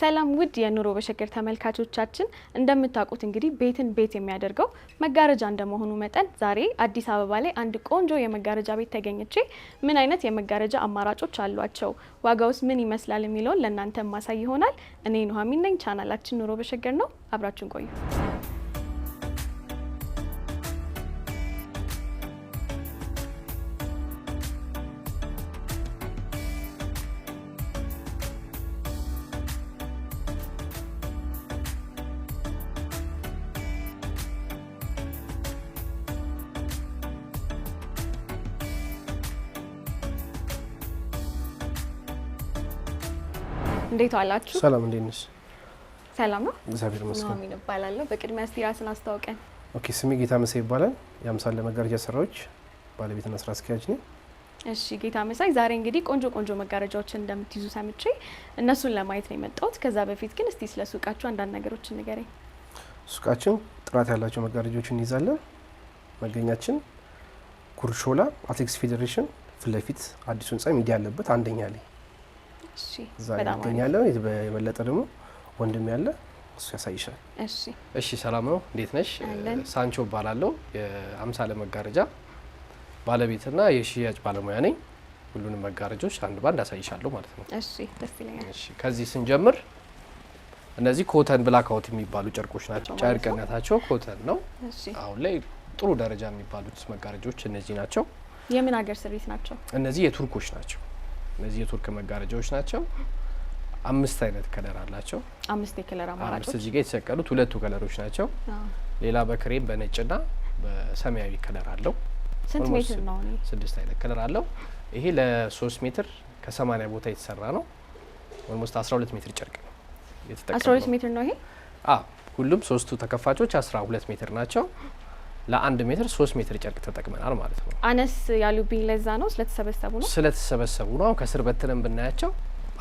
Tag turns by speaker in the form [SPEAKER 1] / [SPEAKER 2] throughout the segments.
[SPEAKER 1] ሰላም ውድ የኑሮ በሸገር ተመልካቾቻችን፣ እንደምታውቁት እንግዲህ ቤትን ቤት የሚያደርገው መጋረጃ እንደመሆኑ መጠን ዛሬ አዲስ አበባ ላይ አንድ ቆንጆ የመጋረጃ ቤት ተገኝቼ ምን አይነት የመጋረጃ አማራጮች አሏቸው፣ ዋጋውስ ምን ይመስላል የሚለውን ለእናንተ ማሳይ ይሆናል። እኔ ኑሐሚን ነኝ። ቻናላችን ኑሮ በሸገር ነው። አብራችን ቆዩ። እንዴት ዋላችሁ? ሰላም፣ እንዴት ነሽ? ሰላም ነው፣ እግዚአብሔር ይመስገን። ኑሐሚን እባላለሁ። በቅድሚያ እስቲ ራስን አስተዋውቀን።
[SPEAKER 2] ኦኬ፣ ስሜ ጌታ መሳይ ይባላል። የአምሳል መጋረጃ ስራዎች ባለቤትና ስራ አስኪያጅ ነኝ።
[SPEAKER 1] እሺ ጌታ መሳይ፣ ዛሬ እንግዲህ ቆንጆ ቆንጆ መጋረጃዎችን እንደምትይዙ ሰምቼ እነሱን ለማየት ነው የመጣሁት። ከዛ በፊት ግን እስቲ ስለ ሱቃችሁ አንዳንድ ነገሮችን ንገረኝ።
[SPEAKER 2] ሱቃችን ጥራት ያላቸው መጋረጃዎችን እንይዛለን። መገኛችን ኩርሾላ አትሌቲክስ ፌዴሬሽን ፊት ለፊት አዲሱ ህንጻ ሚዲያ ያለበት አንደኛ ላይ እዛ ይገኛለሁ። የበለጠ ደግሞ ወንድም ያለ እሱ ያሳይሻል። እሺ፣ ሰላም ነው፣ እንዴት ነሽ? ሳንቾ እባላለሁ። የአምሳለ መጋረጃ ባለቤትና የሽያጭ ባለሙያ ነኝ። ሁሉንም መጋረጆች አንድ ባንድ አሳይሻለሁ ማለት ነው። እሺ፣ ደስ ይለኛል። እሺ፣ ከዚህ ስንጀምር እነዚህ ኮተን ብላክአውት የሚባሉ ጨርቆች ናቸው። ጨርቅነታቸው ኮተን ነው። አሁን ላይ ጥሩ ደረጃ የሚባሉት መጋረጆች እነዚህ ናቸው።
[SPEAKER 1] የምን ሀገር ስሪት ናቸው?
[SPEAKER 2] እነዚህ የቱርኮች ናቸው። እነዚህ የቱርክ መጋረጃዎች ናቸው። አምስት አይነት ከለር አላቸው። አምስት የከለር አማራጮች አምስት እዚህ ጋር የተሰቀሉት ሁለቱ ከለሮች ናቸው። ሌላ በክሬም በነጭና በሰማያዊ ከለር አለው።
[SPEAKER 1] ስንት ሜትር ነው?
[SPEAKER 2] ስድስት አይነት ከለር አለው። ይሄ ለሶስት ሜትር ከሰማኒያ ቦታ የተሰራ ነው። ኦልሞስት አስራ ሁለት ሜትር ጨርቅ ነው
[SPEAKER 1] አስራ ሁለት ሜትር ነው ይሄ።
[SPEAKER 2] ሁሉም ሶስቱ ተከፋቾች አስራ ሁለት ሜትር ናቸው። ለአንድ ሜትር ሶስት ሜትር ጨርቅ ተጠቅመናል ማለት ነው።
[SPEAKER 1] አነስ ቢ ለዛ ነው ስለተሰበሰቡ ነው
[SPEAKER 2] ስለተሰበሰቡ ነው። ከስር በትነን ብናያቸው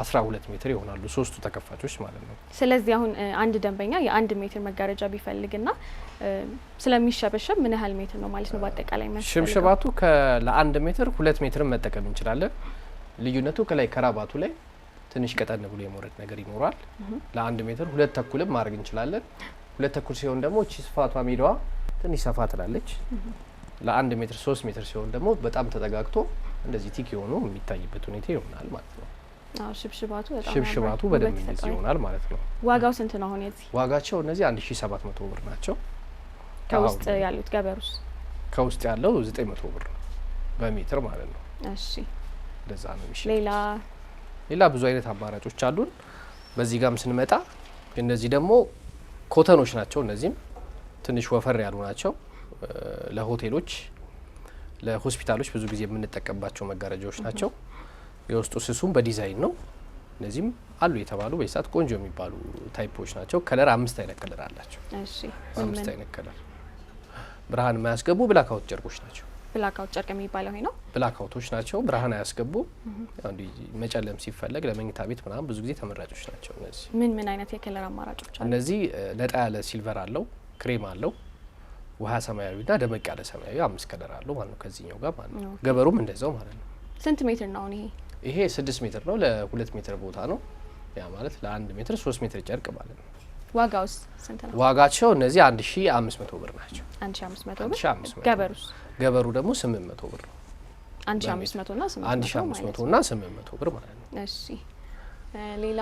[SPEAKER 2] አስራ ሁለት ሜትር ይሆናሉ ሶስቱ ተከፋቾች ማለት ነው።
[SPEAKER 1] ስለዚህ አሁን አንድ ደንበኛ የአንድ ሜትር መጋረጃ ቢፈልግና ስለሚሸበሸብ ምን ያህል ሜትር ነው ማለት ነው? በአጠቃላይ
[SPEAKER 2] ሽብሸባቱ ለአንድ ሜትር ሁለት ሜትርን መጠቀም እንችላለን። ልዩነቱ ከላይ ከራባቱ ላይ ትንሽ ቀጠን ብሎ የመውረድ ነገር ይኖራል። ለአንድ ሜትር ሁለት ተኩልም ማድረግ እንችላለን። ሁለት ተኩል ሲሆን ደግሞ እቺ ስፋቷ ሜዳዋ ትንሽ ሰፋ ትላለች። ለአንድ ሜትር ሶስት ሜትር ሲሆን ደግሞ በጣም ተጠጋግቶ እንደዚህ ቲክ የሆኑ የሚታይበት ሁኔታ ይሆናል ማለት ነው። ሽብሽባቱ ሽብሽባቱ በደንብ እንደዚህ ይሆናል ማለት ነው።
[SPEAKER 1] ዋጋው ስንት ነው? አሁን የዚህ
[SPEAKER 2] ዋጋቸው እነዚህ አንድ ሺ ሰባት መቶ ብር ናቸው።
[SPEAKER 1] ከውስጥ ያሉት ገበሩስ
[SPEAKER 2] ከውስጥ ያለው ዘጠኝ መቶ ብር ነው በሜትር ማለት ነው። እሺ እንደዛ ነው የሚሸጡት። ሌላ ሌላ ብዙ አይነት አማራጮች አሉን። በዚህ ጋም ስንመጣ እነዚህ ደግሞ ኮተኖች ናቸው። እነዚህም ትንሽ ወፈር ያሉ ናቸው። ለሆቴሎች፣ ለሆስፒታሎች ብዙ ጊዜ የምንጠቀምባቸው መጋረጃዎች ናቸው። የውስጡ ስሱም በዲዛይን ነው። እነዚህም አሉ የተባሉ በሰዓት ቆንጆ የሚባሉ ታይፖች ናቸው። ከለር አምስት አይነት ከለር አላቸው። አምስት አይነት ከለር ብርሃን የማያስገቡ ብላካውት ጨርቆች ናቸው።
[SPEAKER 1] ብላካውት ጨርቅ የሚባለው ነው።
[SPEAKER 2] ብላክአውቶች ናቸው። ብርሃን አያስገቡም። አንዱ መጨለም ሲፈለግ ለመኝታ ቤት ምናምን ብዙ ጊዜ ተመራጮች ናቸው። እነዚህ
[SPEAKER 1] ምን ምን አይነት የከለር አማራጮች
[SPEAKER 2] አሉ? እነዚህ ነጣ ያለ ሲልቨር አለው፣ ክሬም አለው፣ ውሃ ሰማያዊና ደመቅ ያለ ሰማያዊ አምስት ከለር አለው ማለት ነው። ከዚህኛው ጋር ማለት ነው። ገበሩም እንደዛው ማለት ነው።
[SPEAKER 1] ስንት ሜትር ነው ይሄ?
[SPEAKER 2] ይሄ ስድስት ሜትር ነው። ለሁለት ሜትር ቦታ ነው። ያ ማለት ለአንድ ሜትር ሶስት ሜትር ጨርቅ ማለት ነው።
[SPEAKER 1] ዋጋውስ ስንት
[SPEAKER 2] ነው? ዋጋቸው እነዚህ አንድ ሺ አምስት መቶ ብር ናቸው። አንድ ሺ አምስት መቶ ብር ገበሩስ? ገበሩ ደግሞ ስምንት መቶ ብር ነው። አንድ ሺ አምስት እና ስምንት መቶ ብር ማለት
[SPEAKER 1] ነው። እሺ ሌላ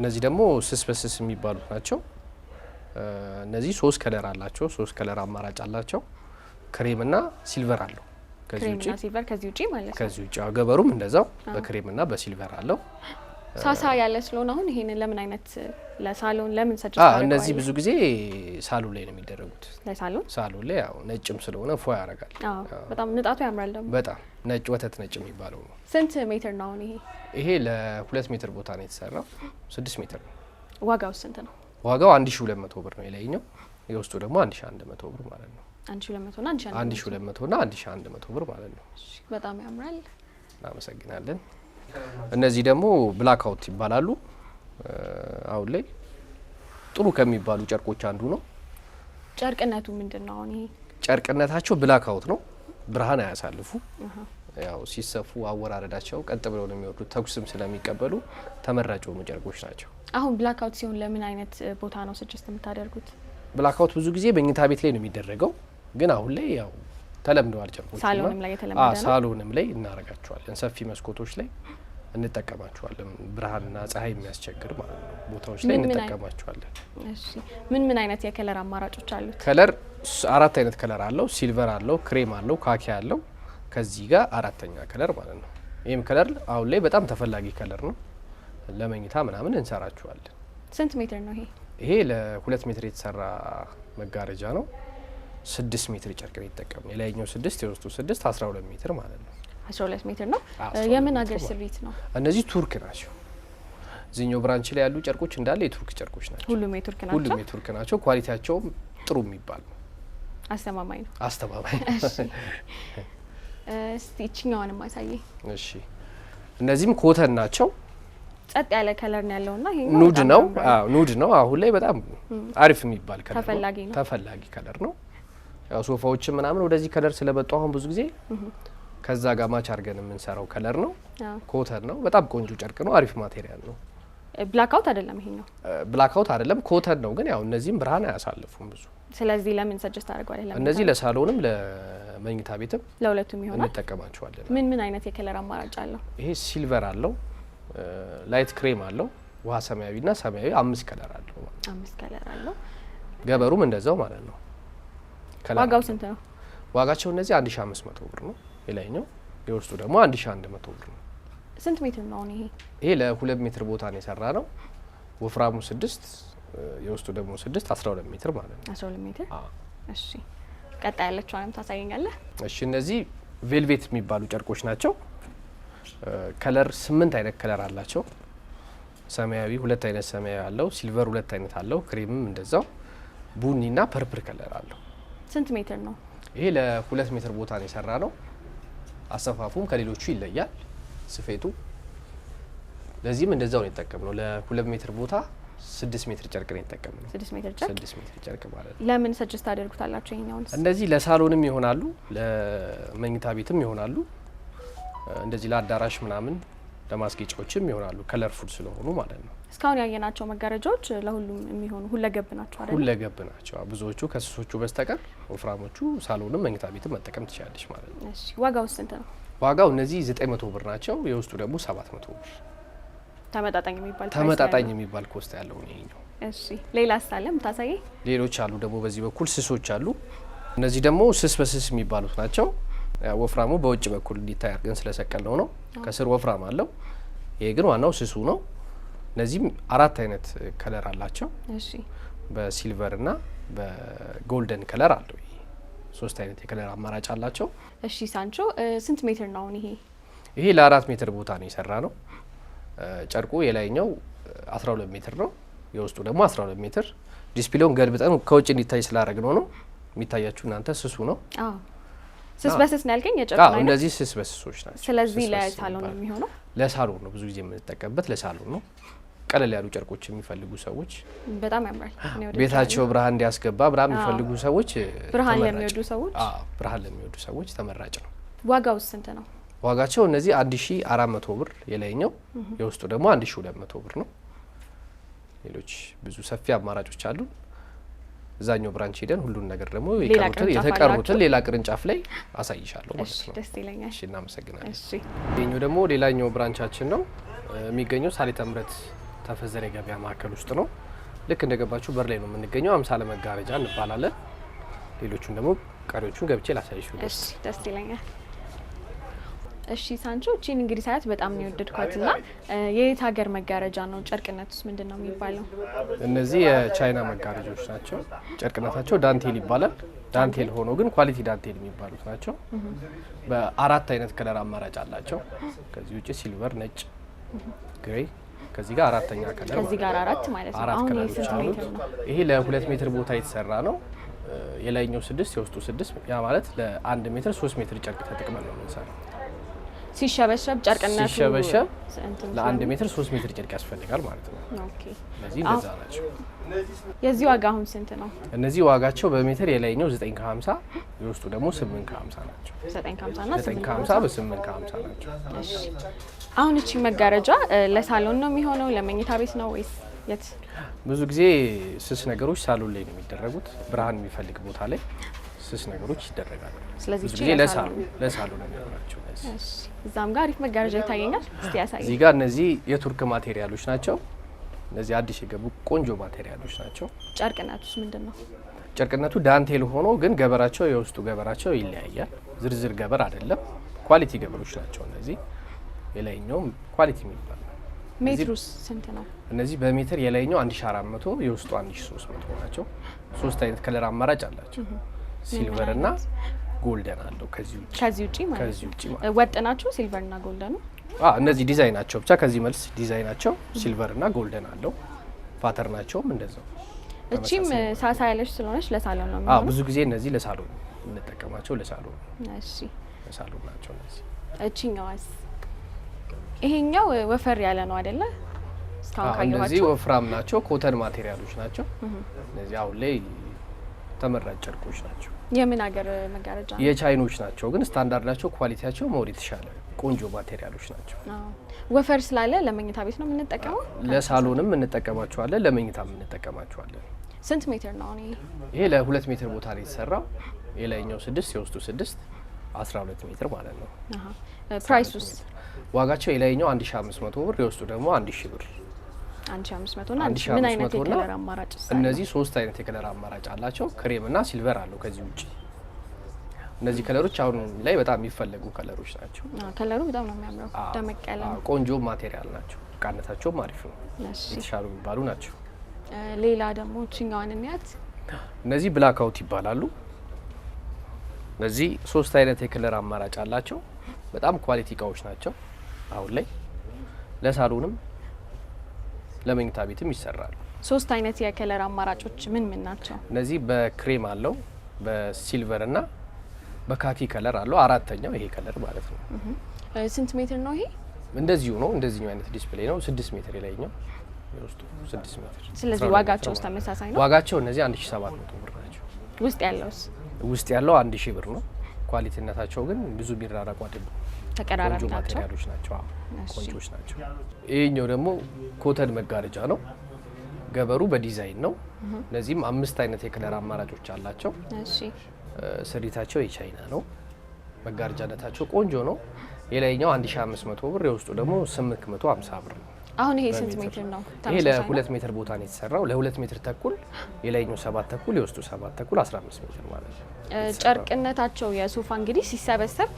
[SPEAKER 2] እነዚህ ደግሞ ስስ በስስ የሚባሉት ናቸው። እነዚህ ሶስት ከለር አላቸው። ሶስት ከለር አማራጭ አላቸው። ክሬምና ሲልቨር አለው።
[SPEAKER 1] ከዚህ ውጪ
[SPEAKER 2] ከዚህ ውጪ ገበሩም እንደዛው በክሬምና እና በሲልቨር አለው።
[SPEAKER 1] ሳሳ ያለ ስለሆነ አሁን ይሄንን ለምን አይነት ለሳሎን ለምን ሰጭ
[SPEAKER 2] እነዚህ ብዙ ጊዜ ሳሎን ላይ ነው የሚደረጉት። ለሳሎን ሳሎን ላይ ያው ነጭም ስለሆነ ፎ ያደርጋል።
[SPEAKER 1] በጣም ንጣቱ ያምራል። ደግሞ
[SPEAKER 2] በጣም ነጭ ወተት ነጭ የሚባለው ነው።
[SPEAKER 1] ስንት ሜትር ነው አሁን ይሄ?
[SPEAKER 2] ይሄ ለሁለት ሜትር ቦታ ነው የተሰራው። ስድስት ሜትር ነው።
[SPEAKER 1] ዋጋው ስንት ነው?
[SPEAKER 2] ዋጋው አንድ ሺ ሁለት መቶ ብር ነው የላይኛው፣ የውስጡ ደግሞ አንድ ሺ አንድ መቶ ብር ማለት ነው።
[SPEAKER 1] አንድ ሺ ሁለት መቶ ና አንድ
[SPEAKER 2] ሺ አንድ መቶ ብር ማለት ነው።
[SPEAKER 1] በጣም ያምራል።
[SPEAKER 2] እናመሰግናለን። እነዚህ ደግሞ ብላክአውት ይባላሉ። አሁን ላይ ጥሩ ከሚባሉ ጨርቆች አንዱ ነው።
[SPEAKER 1] ጨርቅነቱ ምንድን ነው? አሁን ይሄ
[SPEAKER 2] ጨርቅነታቸው ብላክአውት ነው። ብርሃን አያሳልፉ። ያው ሲሰፉ አወራረዳቸው ቀጥ ብለው ነው የሚወርዱት። ተኩስም ስለሚቀበሉ ተመራጭ የሆኑ ጨርቆች ናቸው።
[SPEAKER 1] አሁን ብላክአውት ሲሆን ለምን አይነት ቦታ ነው ስጀስት የምታደርጉት?
[SPEAKER 2] ብላክአውት ብዙ ጊዜ መኝታ ቤት ላይ ነው የሚደረገው፣ ግን አሁን ላይ ያው ተለምደዋል ጨርቆች ሳሎንም ላይ የተለመደ ሳሎንም ላይ እናረጋቸዋለን። ሰፊ መስኮቶች ላይ እንጠቀማቸዋለን። ብርሃንና ፀሐይ የሚያስቸግር ማለት ነው ቦታዎች ላይ እንጠቀማቸዋለን። እሺ
[SPEAKER 1] ምን ምን አይነት የከለር አማራጮች አሉት?
[SPEAKER 2] ከለር አራት አይነት ከለር አለው። ሲልቨር አለው፣ ክሬም አለው፣ ካኪ አለው። ከዚህ ጋር አራተኛ ከለር ማለት ነው። ይህም ከለር አሁን ላይ በጣም ተፈላጊ ከለር ነው። ለመኝታ ምናምን እንሰራችኋለን።
[SPEAKER 1] ስንት ሜትር ነው ይሄ?
[SPEAKER 2] ይሄ ለሁለት ሜትር የተሰራ መጋረጃ ነው። ስድስት ሜትር ጨርቅ ነው የተጠቀምን። የላይኛው ስድስት የውስጡ ስድስት አስራ ሁለት ሜትር ማለት ነው።
[SPEAKER 1] አስራ ሁለት ሜትር ነው። የምን ሀገር ስሪት ነው?
[SPEAKER 2] እነዚህ ቱርክ ናቸው። እዚህኛው ብራንች ላይ ያሉ ጨርቆች እንዳለ የቱርክ ጨርቆች ናቸው። ሁሉም የቱርክ ናቸው። ሁሉም የቱርክ ናቸው። ኳሊቲያቸውም ጥሩ የሚባል ነው። አስተማማኝ ነው። አስተማማኝ
[SPEAKER 1] እስቲ ይችኛዋን ማሳየ። እሺ፣
[SPEAKER 2] እነዚህም ኮተን ናቸው።
[SPEAKER 1] ጸጥ ያለ ከለር ነው ና
[SPEAKER 2] ኑድ ነው። ኑድ ነው። አሁን ላይ በጣም አሪፍ የሚባል ከለር ነው። ተፈላጊ ከለር ነው። ያው ሶፋዎችን ምናምን ወደዚህ ከለር ስለመጡ አሁን ብዙ ጊዜ ከዛ ጋር ማች አድርገን የምንሰራው ከለር ነው። ኮተን ነው። በጣም ቆንጆ ጨርቅ ነው። አሪፍ ማቴሪያል ነው።
[SPEAKER 1] ብላክአውት አይደለም። ይሄኛው
[SPEAKER 2] ብላክአውት አይደለም፣ ኮተን ነው። ግን ያው እነዚህም ብርሃን አያሳልፉም ብዙ።
[SPEAKER 1] ስለዚህ ለምን ሰጀስት አድርጓል?
[SPEAKER 2] እነዚህ ለሳሎንም ለመኝታ ቤትም
[SPEAKER 1] ለሁለቱም ይሆናል እንጠቀማቸዋለን። ምን ምን አይነት የከለር አማራጭ አለው?
[SPEAKER 2] ይሄ ሲልቨር አለው፣ ላይት ክሬም አለው፣ ውሃ ሰማያዊና ሰማያዊ አምስት ከለር አለው።
[SPEAKER 1] አምስት ከለር አለው።
[SPEAKER 2] ገበሩም እንደዛው ማለት ነው። ዋጋው ስንት ነው? ዋጋቸው እነዚህ አንድ ሺ አምስት መቶ ብር ነው። የላይኛው የውስጡ ደግሞ አንድ ሺ አንድ መቶ ብር ነው።
[SPEAKER 1] ስንት ሜትር ነው አሁን ይሄ?
[SPEAKER 2] ይሄ ለሁለት ሜትር ቦታ ነው የሰራ ነው። ወፍራሙ ስድስት የውስጡ ደግሞ ስድስት አስራ ሁለት ሜትር ማለት
[SPEAKER 1] ነው። አስራ ሁለት ሜትር እሺ። ቀጣይ ያለችዋንም ታሳየኛለህ?
[SPEAKER 2] እሺ። እነዚህ ቬልቬት የሚባሉ ጨርቆች ናቸው። ከለር ስምንት አይነት ከለር አላቸው። ሰማያዊ ሁለት አይነት ሰማያዊ አለው። ሲልቨር ሁለት አይነት አለው። ክሬምም እንደዛው ቡኒና ፐርፕል ከለር አለው። ስንት ሜትር ነው? ይሄ ለሁለት ሜትር ቦታ ነው የሰራ ነው። አሰፋፉም ከሌሎቹ ይለያል። ስፌቱ ለዚህም እንደዛው ነው የተጠቀምነው። ለሁለት ሜትር ቦታ ስድስት ሜትር ጨርቅ ነው የተጠቀምነው። ስድስት ሜትር ጨርቅ ስድስት ሜትር ጨርቅ ማለት
[SPEAKER 1] ነው። ለምን ሰጀስት ታደርጉታላችሁ? ይሄኛውንስ
[SPEAKER 2] እንደዚህ ለሳሎንም ይሆናሉ፣ ለመኝታ ቤትም ይሆናሉ፣ እንደዚህ ለአዳራሽ ምናምን ለማስጌጫዎችም ይሆናሉ። ከለርፉል ስለሆኑ ማለት ነው።
[SPEAKER 1] እስካሁን ያየናቸው መጋረጃዎች ለሁሉም የሚሆኑ ሁለገብ ናቸው
[SPEAKER 2] አይደል? ሁለገብ ናቸው። ብዙዎቹ ከስሶቹ በስተቀር ወፍራሞቹ ሳሎንም መኝታ ቤትም መጠቀም ትችላለች ማለት ነው።
[SPEAKER 1] እሺ ዋጋው ስንት ነው?
[SPEAKER 2] ዋጋው እነዚህ 900 ብር ናቸው። የውስጡ ደግሞ 700 ብር።
[SPEAKER 1] ተመጣጣኝ የሚባል
[SPEAKER 2] ተመጣጣኝ የሚባል ኮስት ያለው ነው ይሄኛው።
[SPEAKER 1] እሺ ሌላ ሳለ ምታሳይ
[SPEAKER 2] ሌሎች አሉ ደግሞ በዚህ በኩል ስሶች አሉ። እነዚህ ደግሞ ስስ በስስ የሚባሉት ናቸው። ወፍራሙ በውጭ በኩል እንዲታይ አድርገን ስለሰቀል ነው ነው ከስር ወፍራም አለው። ይሄ ግን ዋናው ስሱ ነው። እነዚህም አራት አይነት ከለር አላቸው። ና በጎልደን ከለር አለው። ሶስት አይነት የከለር አማራጭ አላቸው።
[SPEAKER 1] እሺ ሳንቾ ስንት ሜትር ነው አሁን ይሄ?
[SPEAKER 2] ይሄ ለአራት ሜትር ቦታ ነው የሰራ ነው። ጨርቁ የላይኛው ሁለት ሜትር ነው፣ የውስጡ ደግሞ 12 ሜትር። ዲስፕሌውን ገልብጠን ከውጭ እንዲታይ ስላደረግ ነው ነው የሚታያችሁ እናንተ ስሱ ነው።
[SPEAKER 1] ስስ በስስ ነው ያልከኝ የጨርቁ
[SPEAKER 2] እነዚህ ስስ በስሶች ናቸው።
[SPEAKER 1] ስለዚህ ለሳሎን ነው የሚሆነው።
[SPEAKER 2] ለሳሎን ነው ብዙ ጊዜ የምንጠቀምበት ለሳሎን ነው። ቀለል ያሉ ጨርቆች የሚፈልጉ ሰዎች በጣም ያምራል። ቤታቸው ብርሃን እንዲያስገባ ብርሃን የሚፈልጉ ሰዎች
[SPEAKER 1] ብርሃን ለሚወዱ ሰዎች
[SPEAKER 2] ብርሃን ለሚወዱ ሰዎች ተመራጭ ነው።
[SPEAKER 1] ዋጋው ስንት ነው?
[SPEAKER 2] ዋጋቸው እነዚህ አንድ ሺ አራት መቶ ብር የላይኛው የውስጡ ደግሞ አንድ ሺ ሁለት መቶ ብር ነው። ሌሎች ብዙ ሰፊ አማራጮች አሉ። እዛኛው ብራንች ሄደን ሁሉን ነገር ደግሞ የተቀሩትን ሌላ ቅርንጫፍ ላይ አሳይሻለሁ
[SPEAKER 1] ማለት ነው። ደስ ይለኛል።
[SPEAKER 2] እናመሰግናለን። ይህኛው ደግሞ ሌላኛው ብራንቻችን ነው የሚገኘው ሳሌተ ተፈዘረ የገበያ ማዕከል ውስጥ ነው። ልክ እንደገባችሁ በር ላይ ነው የምንገኘው። አምሳለ መጋረጃ እንባላለን። ሌሎቹን ደግሞ ቀሪዎቹን ገብቼ ላሳይሽ።
[SPEAKER 1] እሺ፣ ደስ ይለኛል። እሺ ሳንቾ፣ እቺን እንግዲህ ሳያት በጣም ነው የወደድኳት ና የየት ሀገር መጋረጃ ነው? ጨርቅነት ውስጥ ምንድን ነው የሚባለው?
[SPEAKER 2] እነዚህ የቻይና መጋረጃዎች ናቸው። ጨርቅነታቸው ዳንቴል ይባላል። ዳንቴል ሆኖ ግን ኳሊቲ ዳንቴል የሚባሉት ናቸው። በአራት አይነት ከለር አማራጭ አላቸው። ከዚህ ውጭ ሲልቨር፣ ነጭ፣ ግሬ ከዚህ ጋር አራተኛ ከለር
[SPEAKER 1] ከዚህ ጋር አራት ማለት
[SPEAKER 2] ነው። ስንት ሜትር ነው ይሄ ለሁለት ሜትር ቦታ የተሰራ ነው። የላይኛው ስድስት የውስጡ ስድስት ያ ማለት ለአንድ ሜትር ሶስት ሜትር ጨርቅ ተጠቅመን ነው የምንሰራው።
[SPEAKER 1] ሲሸበሸብ ጨርቅነቱ
[SPEAKER 2] ሲሸበሸብ ለአንድ ሜትር ሶስት ሜትር ጨርቅ ያስፈልጋል ማለት ነው። እነዚህ እንደዛ ናቸው።
[SPEAKER 1] የዚህ ዋጋ አሁን ስንት ነው?
[SPEAKER 2] እነዚህ ዋጋቸው በሜትር የላይኛው ዘጠኝ ከሀምሳ የውስጡ ደግሞ ስምንት ከሀምሳ ናቸው። ዘጠኝ ከሀምሳ በስምንት ከሀምሳ ናቸው።
[SPEAKER 1] አሁን እቺ መጋረጃ ለሳሎን ነው የሚሆነው ለመኝታ ቤት ነው ወይስ የት?
[SPEAKER 2] ብዙ ጊዜ ስስ ነገሮች ሳሎን ላይ ነው የሚደረጉት። ብርሃን የሚፈልግ ቦታ ላይ ስስ ነገሮች ይደረጋሉ።
[SPEAKER 1] ስለዚህ ብዙ ጊዜ ለሳሎን
[SPEAKER 2] ለሳሎን ነው የሚሆናቸው።
[SPEAKER 1] እዛም ጋር አሪፍ መጋረጃ ይታየኛል። እስቲ ያሳይ።
[SPEAKER 2] እዚህ ጋር እነዚህ የቱርክ ማቴሪያሎች ናቸው። እነዚህ አዲስ የገቡ ቆንጆ ማቴሪያሎች ናቸው።
[SPEAKER 1] ጨርቅነቱስ ምንድን ነው?
[SPEAKER 2] ጨርቅነቱ ዳንቴል ሆኖ ግን ገበራቸው የውስጡ ገበራቸው ይለያያል። ዝርዝር ገበር አይደለም፣ ኳሊቲ ገበሮች ናቸው እነዚህ የላይኛውም ኳሊቲ የሚባል
[SPEAKER 1] ሜትሩስ ስንት ነው?
[SPEAKER 2] እነዚህ በሜትር የላይኛው መቶ የውስጡ አንድ ሺ ሶስት መቶ ናቸው። ሶስት አይነት ከለር አማራጭ አላቸው። ሲልቨር ና ጎልደን አለው። ከዚህ ውጪ ከዚህ ውጪ ማለት
[SPEAKER 1] ወጥ ናቸው። ሲልቨር ና ጎልደን ነው።
[SPEAKER 2] አዎ እነዚህ ዲዛይናቸው ብቻ ከዚህ መልስ ዲዛይን ናቸው። ሲልቨር ና ጎልደን አለው። ፓተር ፓተርናቸውም እንደዛው።
[SPEAKER 1] እቺም ሳሳ ያለች ስለሆነች ለሳሎን ነው።
[SPEAKER 2] አዎ ብዙ ጊዜ እነዚህ ለሳሎን እንጠቀማቸው። ለሳሎን ለሳሎን ናቸው እነዚህ።
[SPEAKER 1] እቺኛዋስ ይሄኛው ወፈር ያለ ነው አይደለ?
[SPEAKER 2] እነዚህ ወፍራም ናቸው፣ ኮተን ማቴሪያሎች ናቸው። እነዚህ አሁን ላይ ተመራጭ ጨርቆች ናቸው።
[SPEAKER 1] የምን ሀገር መጋረጃ?
[SPEAKER 2] የቻይኖች ናቸው፣ ግን ስታንዳርዳቸው ኳሊቲያቸው መውር የተሻለ ቆንጆ ማቴሪያሎች ናቸው።
[SPEAKER 1] ወፈር ስላለ ለመኝታ ቤት ነው የምንጠቀመው።
[SPEAKER 2] ለሳሎንም እንጠቀማቸዋለን፣ ለመኝታም እንጠቀማቸዋለን።
[SPEAKER 1] ስንት ሜትር ነው አሁን
[SPEAKER 2] ይሄ? ለሁለት ሜትር ቦታ ላይ የተሰራው የላይኛው ስድስት የውስጡ ስድስት አስራ ሁለት ሜትር ማለት ነው። ውስጥ ዋጋቸው የላይኛው 1500 ብር የውስጡ ደግሞ 1000 ብር እነዚህ ሶስት አይነት የከለር አማራጭ አላቸው። ክሬም ና ሲልቨር አለው ከዚህ ውጭ እነዚህ ከለሮች አሁን ላይ በጣም የሚፈለጉ ከለሮች ናቸው።
[SPEAKER 1] ከለሩ በጣም ነው የሚያምረው፣ ደመቅ ያለ
[SPEAKER 2] ቆንጆ ማቴሪያል ናቸው። እቃነታቸውም አሪፍ ነው፣ የተሻሉ የሚባሉ ናቸው።
[SPEAKER 1] ሌላ ደግሞ ችኛዋን እንያት።
[SPEAKER 2] እነዚህ ብላክ አውት ይባላሉ። እነዚህ ሶስት አይነት የከለር አማራጭ አላቸው። በጣም ኳሊቲ እቃዎች ናቸው። አሁን ላይ ለሳሎንም ለመኝታ ቤትም ይሰራሉ።
[SPEAKER 1] ሶስት አይነት የከለር አማራጮች ምን ምን ናቸው?
[SPEAKER 2] እነዚህ በክሬም አለው በሲልቨር እና በካኪ ከለር አለው። አራተኛው ይሄ ከለር ማለት ነው።
[SPEAKER 1] ስንት ሜትር ነው ይሄ?
[SPEAKER 2] እንደዚሁ ነው። እንደዚህኛው አይነት ዲስፕሌይ ነው። ስድስት ሜትር የላይኛው የውስጡ
[SPEAKER 1] ስድስት ሜትር። ስለዚህ ዋጋቸው ውስጥ ተመሳሳይ
[SPEAKER 2] ነው። ዋጋቸው እነዚህ አንድ ሺ ሰባት መቶ ብር ናቸው። ውስጥ ያለውስ? ውስጥ ያለው አንድ ሺ ብር ነው። ኳሊቲነታቸው ግን ብዙ ቢራራቁ አይደሉም። ተቀራራቢ ናቸው፣ ቆንጆች ናቸው። ይህኛው ደግሞ ኮተን መጋረጃ ነው። ገበሩ በዲዛይን ነው። እነዚህም አምስት አይነት የክለር አማራጮች አላቸው። ስሪታቸው የቻይና ነው። መጋረጃነታቸው ቆንጆ ነው። የላይኛው 1500 ብር፣ የውስጡ ደግሞ 850 ብር ነው።
[SPEAKER 1] አሁን ይሄ ስንት ሜትር ነው?
[SPEAKER 2] ይሄ ለሁለት ሜትር ቦታ ነው የተሰራው። ለሁለት ሜትር ተኩል የላይኛው ሰባት ተኩል የውስጡ ሰባት ተኩል 15 ሜትር ማለት ነው።
[SPEAKER 1] ጨርቅነታቸው የሶፋ እንግዲህ ሲሰበሰብ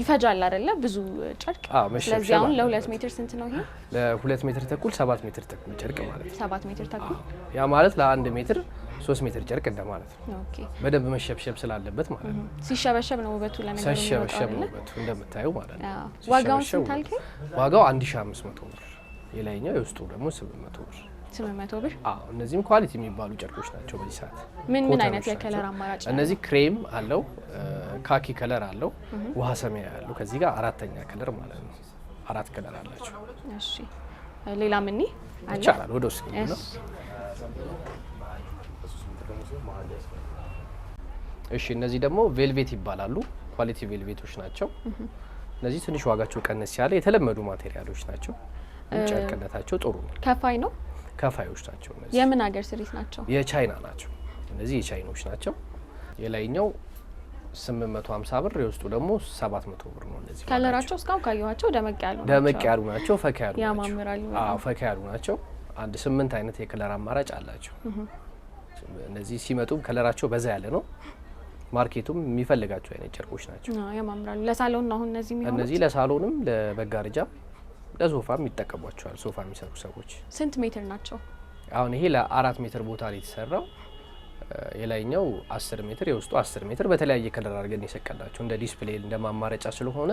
[SPEAKER 1] ይፈጃል አይደለ? ብዙ ጨርቅ። ስለዚህ አሁን ለሁለት ሜትር ስንት ነው ይሄ?
[SPEAKER 2] ለሁለት ሜትር ተኩል ሰባት ሜትር ተኩል ጨርቅ ማለት
[SPEAKER 1] ነው። ሰባት ሜትር ተኩል
[SPEAKER 2] ያ ማለት ለአንድ ሜትር ሶስት ሜትር ጨርቅ እንደማለት ነው። በደንብ መሸብሸብ ስላለበት ማለት ነው።
[SPEAKER 1] ሲሸበሸብ ነው ውበቱ
[SPEAKER 2] ለነገሩ ሲሸበሸብ ነው ውበቱ እንደምታየው ማለት ነው።
[SPEAKER 1] ዋጋው ስንት አልከኝ?
[SPEAKER 2] ዋጋው 1500 ብር የላይኛው የውስጡ ደግሞ ስምንት መቶ ብር ስምንት መቶ ብር። አዎ እነዚህም ኳሊቲ የሚባሉ ጨርቆች ናቸው። በዚህ ሰዓት
[SPEAKER 1] ምን ምን አይነት የከለር አማራጭ?
[SPEAKER 2] እነዚህ ክሬም አለው፣ ካኪ ከለር አለው፣ ውሃ ሰማያዊ አለው። ከዚህ ጋር አራተኛ ከለር ማለት ነው። አራት ከለር አላቸው። እሺ ሌላ ምን ይቻላል? ወደ ውስጥ ነው። እሺ እነዚህ ደግሞ ቬልቬት ይባላሉ። ኳሊቲ ቬልቬቶች ናቸው። እነዚህ ትንሽ ዋጋቸው ቀነስ ያለ የተለመዱ ማቴሪያሎች ናቸው። ጨርቅነታቸው ጥሩ ነው። ከፋይ ነው። ከፋዮች ናቸው።
[SPEAKER 1] እነዚህ የምን ሀገር ስሪት ናቸው?
[SPEAKER 2] የቻይና ናቸው። እነዚህ የቻይኖች ናቸው። የላይኛው 850 ብር የውስጡ ደግሞ 700 ብር ነው። እነዚህ
[SPEAKER 1] ከለራቸው እስካሁን ካየኋቸው ደመቅ ያሉ
[SPEAKER 2] ናቸው። ደመቅ ያሉ ናቸው። ፈካ ያሉ
[SPEAKER 1] ናቸው። ያማምራሉ።
[SPEAKER 2] አዎ ፈካ ያሉ ናቸው። አንድ ስምንት አይነት የከለር አማራጭ አላቸው። እነዚህ ሲመጡም ከለራቸው በዛ ያለ ነው። ማርኬቱም የሚፈልጋቸው አይነት ጨርቆች ናቸው።
[SPEAKER 1] ያማምራሉ። ለሳሎን አሁን እነዚህ
[SPEAKER 2] እነዚህ ለሳሎንም ለመጋረጃም ለሶፋም ይጠቀሟቸዋል። ሶፋ የሚሰሩ ሰዎች
[SPEAKER 1] ስንት ሜትር ናቸው?
[SPEAKER 2] አሁን ይሄ ለአራት ሜትር ቦታ ላይ የተሰራው የላይኛው አስር ሜትር የውስጡ አስር ሜትር በተለያየ ከለር አድርገን የሰቀልናቸው እንደ ዲስፕሌይ እንደ ማማረጫ ስለሆነ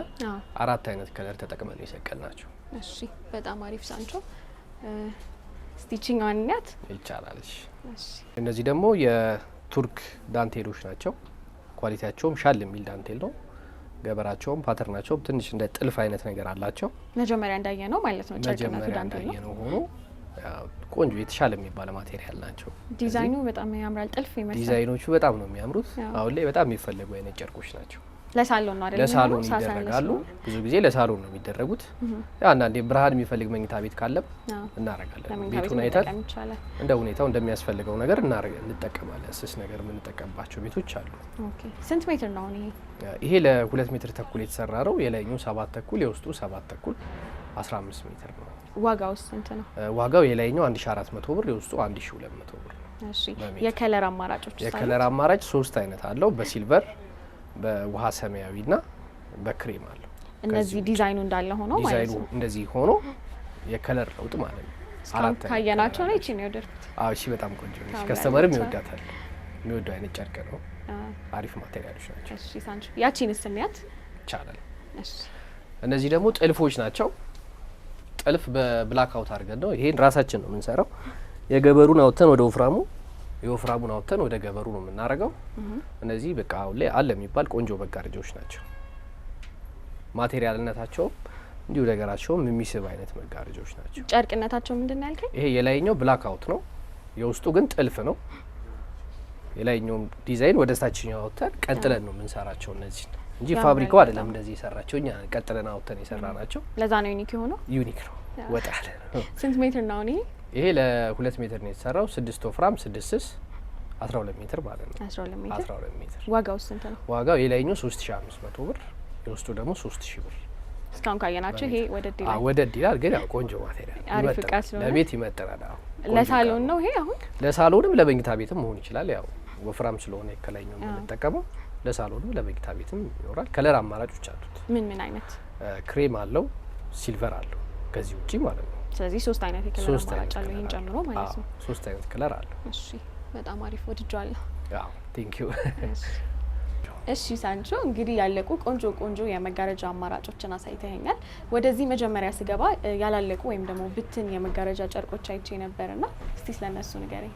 [SPEAKER 2] አራት አይነት ከለር ተጠቅመን የሰቀልናቸው።
[SPEAKER 1] እሺ፣ በጣም አሪፍ ሳንቾ ስቲችንግ ዋንኛት
[SPEAKER 2] ይቻላል። እነዚህ ደግሞ የቱርክ ዳንቴሎች ናቸው። ኳሊቲያቸውም ሻል የሚል ዳንቴል ነው። ገበራቸውም ፓተርናቸውም ትንሽ እንደ ጥልፍ አይነት ነገር አላቸው።
[SPEAKER 1] መጀመሪያ እንዳየ ነው ማለት ነው። ጨርቅና ኪዳን ነው ሆኖ
[SPEAKER 2] ቆንጆ የተሻለ የሚባለ ማቴሪያል ናቸው።
[SPEAKER 1] ዲዛይኑ በጣም ያምራል። ጥልፍ
[SPEAKER 2] ይመስላል። ዲዛይኖቹ በጣም ነው የሚያምሩት። አሁን ላይ በጣም የሚፈለጉ አይነት ጨርቆች ናቸው።
[SPEAKER 1] ለሳሎን ነው አይደል?
[SPEAKER 2] ለሳሎን ይደረጋሉ። ብዙ ጊዜ ለሳሎን ነው የሚደረጉት። አንዳንዴ ብርሃን የሚፈልግ መኝታ ቤት ካለም እናረጋለን። ቤቱን አይተን እንደ ሁኔታው እንደሚያስፈልገው ነገር እንጠቀማለን። ስስ ነገር የምንጠቀምባቸው ቤቶች አሉ።
[SPEAKER 1] ስንት ሜትር ነው ይሄ?
[SPEAKER 2] ይሄ ለሁለት ሜትር ተኩል የተሰራ ነው። የላይኛው ሰባት ተኩል የውስጡ ሰባት ተኩል 15 ሜትር ነው።
[SPEAKER 1] ዋጋው ስንት ነው?
[SPEAKER 2] ዋጋው የላይኛው 1400 ብር የውስጡ 1200 ብር
[SPEAKER 1] ነው። የከለር አማራጮች
[SPEAKER 2] የከለር አማራጭ ሶስት አይነት አለው በሲልቨር በውሃ ሰማያዊና በክሬም አለው።
[SPEAKER 1] እነዚህ ዲዛይኑ እንዳለ ሆኖ
[SPEAKER 2] ዲዛይኑ እንደዚህ ሆኖ የከለር ለውጥ ማለት ነው።
[SPEAKER 1] አራት ካየናቸው ነው። እቺ ነው የወደድኩት።
[SPEAKER 2] አዎ እሺ፣ በጣም ቆንጆ ነች። ከስተመርም ይወዳታል። የሚወደው አይነት ጨርቅ ነው። አሪፍ ማቴሪያሎች
[SPEAKER 1] ናቸው። ያቺን ስሚያት
[SPEAKER 2] ይቻላል። እነዚህ ደግሞ ጥልፎች ናቸው። ጥልፍ በብላክ አውት አድርገን ነው ይሄን ራሳችን ነው የምንሰራው። የገበሩን አውጥተን ወደ ወፍራሙ የወፍራሙን አውጥተን ወደ ገበሩ ነው የምናደርገው። እነዚህ በቃ አሁን ላይ አለ የሚባል ቆንጆ መጋረጃዎች ናቸው። ማቴሪያልነታቸውም እንዲሁ ነገራቸውም የሚስብ አይነት መጋረጃዎች ናቸው።
[SPEAKER 1] ጨርቅነታቸው ምንድን ያልከኝ?
[SPEAKER 2] ይሄ የላይኛው ብላክ አውት ነው፣ የውስጡ ግን ጥልፍ ነው። የላይኛውም ዲዛይን ወደ ታችኛው አውጥተን ቀጥለን ነው የምንሰራቸው እነዚህ እንጂ ፋብሪካው አይደለም እንደዚህ የሰራቸው እኛ ቀጥለን አውጥተን የሰራ ናቸው።
[SPEAKER 1] ለዛ ነው ዩኒክ የሆነው።
[SPEAKER 2] ዩኒክ ነው፣ ወጣ ያለ
[SPEAKER 1] ስንት ሜትር ነው ይሄ?
[SPEAKER 2] ይሄ ለሁለት ሜትር ነው የተሰራው። ስድስት ወፍራም ስድስት ስስ አስራ ሁለት ሜትር ማለት ነው። አስራ ሁለት ሜትር
[SPEAKER 1] ዋጋው ስንት ነው?
[SPEAKER 2] ዋጋው የላይኛው ሶስት ሺ አምስት መቶ ብር የውስጡ ደግሞ ሶስት ሺ ብር።
[SPEAKER 1] እስካሁን ካየናቸው ይሄ ወደድ
[SPEAKER 2] ይላል፣ ወደድ ይላል። ግን ያው ቆንጆ ማቴሪያል አሪፍ ለቤት ይመጥናል።
[SPEAKER 1] አሁን ለሳሎን ነው ይሄ። አሁን
[SPEAKER 2] ለሳሎንም ለመኝታ ቤትም መሆን ይችላል። ያው ወፍራም ስለሆነ ከላይኛው የምንጠቀመው ለሳሎንም ለመኝታ ቤትም ይኖራል። ከለር አማራጮች አሉት። ምን ምን አይነት? ክሬም አለው፣ ሲልቨር አለው፣ ከዚህ ውጪ ማለት ነው
[SPEAKER 1] ስለዚህ ሶስት አይነት የከለር አማራጭ አለ ይህን ጨምሮ ማለት ነው።
[SPEAKER 2] ሶስት አይነት ከለር አለ። እሺ
[SPEAKER 1] በጣም አሪፍ ወድጃለሁ። ቴንክ ዩ። እሺ ሳንቾ እንግዲህ ያለቁ ቆንጆ ቆንጆ የመጋረጃ አማራጮችን አሳይተኸኛል። ወደዚህ መጀመሪያ ስገባ ያላለቁ ወይም ደግሞ ብትን የመጋረጃ ጨርቆች አይቼ ና እስቲ ስለነሱ ንገረኝ።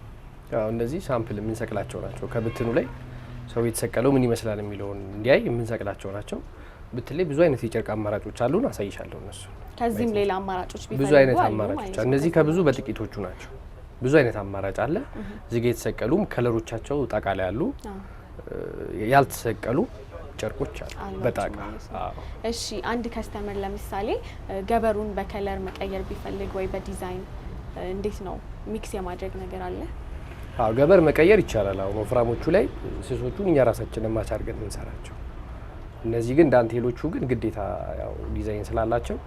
[SPEAKER 2] ያው እነዚህ ሳምፕል የምንሰቅላቸው ናቸው። ከብትኑ ላይ ሰው የተሰቀለው ምን ይመስላል የሚለውን እንዲያይ የምንሰቅላቸው ናቸው። ብትለይ ብዙ አይነት የጨርቅ አማራጮች አሉን፣ አሳይሻለሁ እነሱ።
[SPEAKER 1] ከዚህም ሌላ አማራጮች
[SPEAKER 2] ብዙ አይነት አማራጮች አሉ። እነዚህ ከብዙ በጥቂቶቹ ናቸው። ብዙ አይነት አማራጭ አለ። እዚህ ጋ የተሰቀሉም ከለሮቻቸው ጣቃ ላይ አሉ፣ ያልተሰቀሉ ጨርቆች አሉ በጣቃ።
[SPEAKER 1] እሺ አንድ ከስተመር ለምሳሌ ገበሩን በከለር መቀየር ቢፈልግ ወይ በዲዛይን እንዴት ነው ሚክስ የማድረግ ነገር አለ?
[SPEAKER 2] አዎ ገበር መቀየር ይቻላል። አሁን ወፍራሞቹ ላይ ስሶቹን እኛ ራሳችን ማች እንሰራቸው እነዚህ ግን ዳንቴሎቹ ግን ግዴታ ያው ዲዛይን ስላላቸው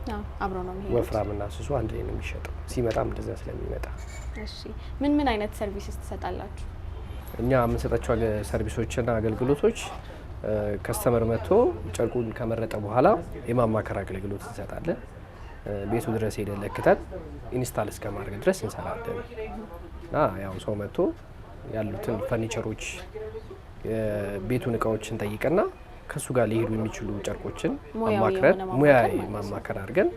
[SPEAKER 1] አብሮ ነው የሚሄዱት። እና ስሱ አንድ ላይ ነው የሚሸጠው።
[SPEAKER 2] ሲመጣም እንደዛ ስለሚመጣ።
[SPEAKER 1] እሺ ምን ምን አይነት ሰርቪስስ ትሰጣላችሁ?
[SPEAKER 2] እኛ የምንሰጣቸው ሰርቪሶችና አገልግሎቶች ከስተመር መጥቶ ጨርቁን ከመረጠ በኋላ የማማከር አገልግሎት እንሰጣለን። ቤቱ ድረስ ሄደን ለክተን ኢንስታል እስከ ማድረግ ድረስ እንሰራለን እና ያው ሰው መጥቶ ያሉትን ፈርኒቸሮች፣ የቤቱን እቃዎች ጠይቅና ከእሱ ጋር ሊሄዱ የሚችሉ ጨርቆችን ማማክረን ሙያዊ ማማከር አድርገን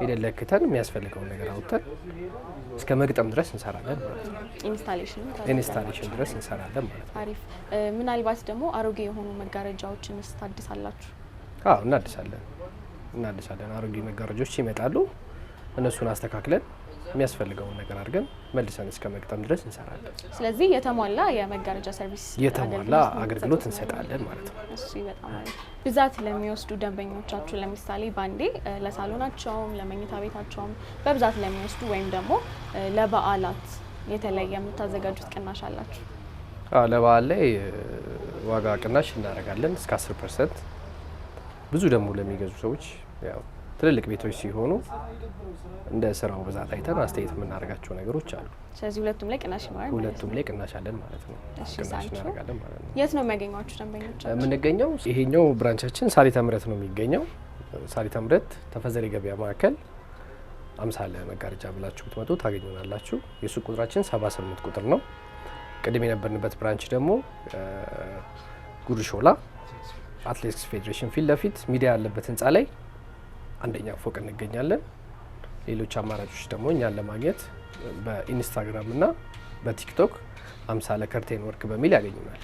[SPEAKER 2] ሄደን ለክተን የሚያስፈልገውን ነገር አውጥተን እስከ መግጠም ድረስ እንሰራለን ማለት ነው። ኢንስታሌሽን ድረስ እንሰራለን ማለት ነው። አሪፍ።
[SPEAKER 1] ምናልባት ደግሞ አሮጌ የሆኑ መጋረጃዎችን ታድሳላችሁ?
[SPEAKER 2] አዎ እናድሳለን፣ እናድሳለን። አሮጌ መጋረጃዎች ይመጣሉ። እነሱን አስተካክለን የሚያስፈልገውን ነገር አድርገን መልሰን እስከ መግጠም ድረስ እንሰራለን።
[SPEAKER 1] ስለዚህ የተሟላ የመጋረጃ ሰርቪስ
[SPEAKER 2] የተሟላ አገልግሎት እንሰጣለን ማለት ነው። እሱ
[SPEAKER 1] በጣም ብዛት ለሚወስዱ ደንበኞቻችሁ ለምሳሌ ባንዴ ለሳሎናቸውም ለመኝታ ቤታቸውም በብዛት ለሚወስዱ ወይም ደግሞ ለበዓላት የተለየ የምታዘጋጁት ቅናሽ አላችሁ?
[SPEAKER 2] ለበዓል ላይ ዋጋ ቅናሽ እናደርጋለን እስከ 10 ፐርሰንት ብዙ ደግሞ ለሚገዙ ሰዎች ያው ትልልቅ ቤቶች ሲሆኑ እንደ ስራው ብዛት አይተን አስተያየት የምናደርጋቸው ነገሮች አሉ።
[SPEAKER 1] ስለዚህ ሁለቱም ላይ ቅናሽ ማለት
[SPEAKER 2] ሁለቱም ላይ ቅናሽ አለን ማለት ነው።
[SPEAKER 1] ቅናሽ እናደርጋለን ማለት ነው። የት ነው የሚያገኟችሁ ደንበኞች?
[SPEAKER 2] የምንገኘው ይሄኛው ብራንቻችን ሳሪታ ምረት ነው የሚገኘው። ሳሪታ ምረት ተፈዘሪ ገበያ ማዕከል አምሳለ መጋረጃ ብላችሁ ብትመጡ ታገኙናላችሁ። የሱቅ ቁጥራችን 78 ቁጥር ነው። ቅድም የነበርንበት ብራንች ደግሞ ጉርሾላ አትሌቲክስ ፌዴሬሽን ፊት ለፊት ሚዲያ ያለበት ህንፃ ላይ አንደኛ ፎቅ እንገኛለን። ሌሎች አማራጮች ደግሞ እኛን ለማግኘት በኢንስታግራም እና በቲክቶክ አምሳለ ከርቴን ወርክ በሚል ያገኙናል።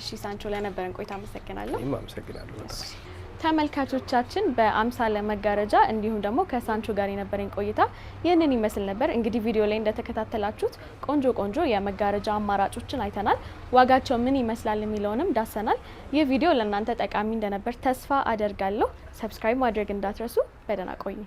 [SPEAKER 1] እሺ ሳንቾ፣ ለነበረን ቆይታ አመሰግናለሁ።
[SPEAKER 2] ይህም አመሰግናለሁ በጣም
[SPEAKER 1] ተመልካቾቻችን በአምሳለ መጋረጃ እንዲሁም ደግሞ ከሳንቾ ጋር የነበረኝ ቆይታ ይህንን ይመስል ነበር። እንግዲህ ቪዲዮ ላይ እንደተከታተላችሁት ቆንጆ ቆንጆ የመጋረጃ አማራጮችን አይተናል። ዋጋቸው ምን ይመስላል የሚለውንም ዳሰናል። ይህ ቪዲዮ ለእናንተ ጠቃሚ እንደነበር ተስፋ አደርጋለሁ። ሰብስክራይብ ማድረግ እንዳትረሱ። በደህና ቆዩ።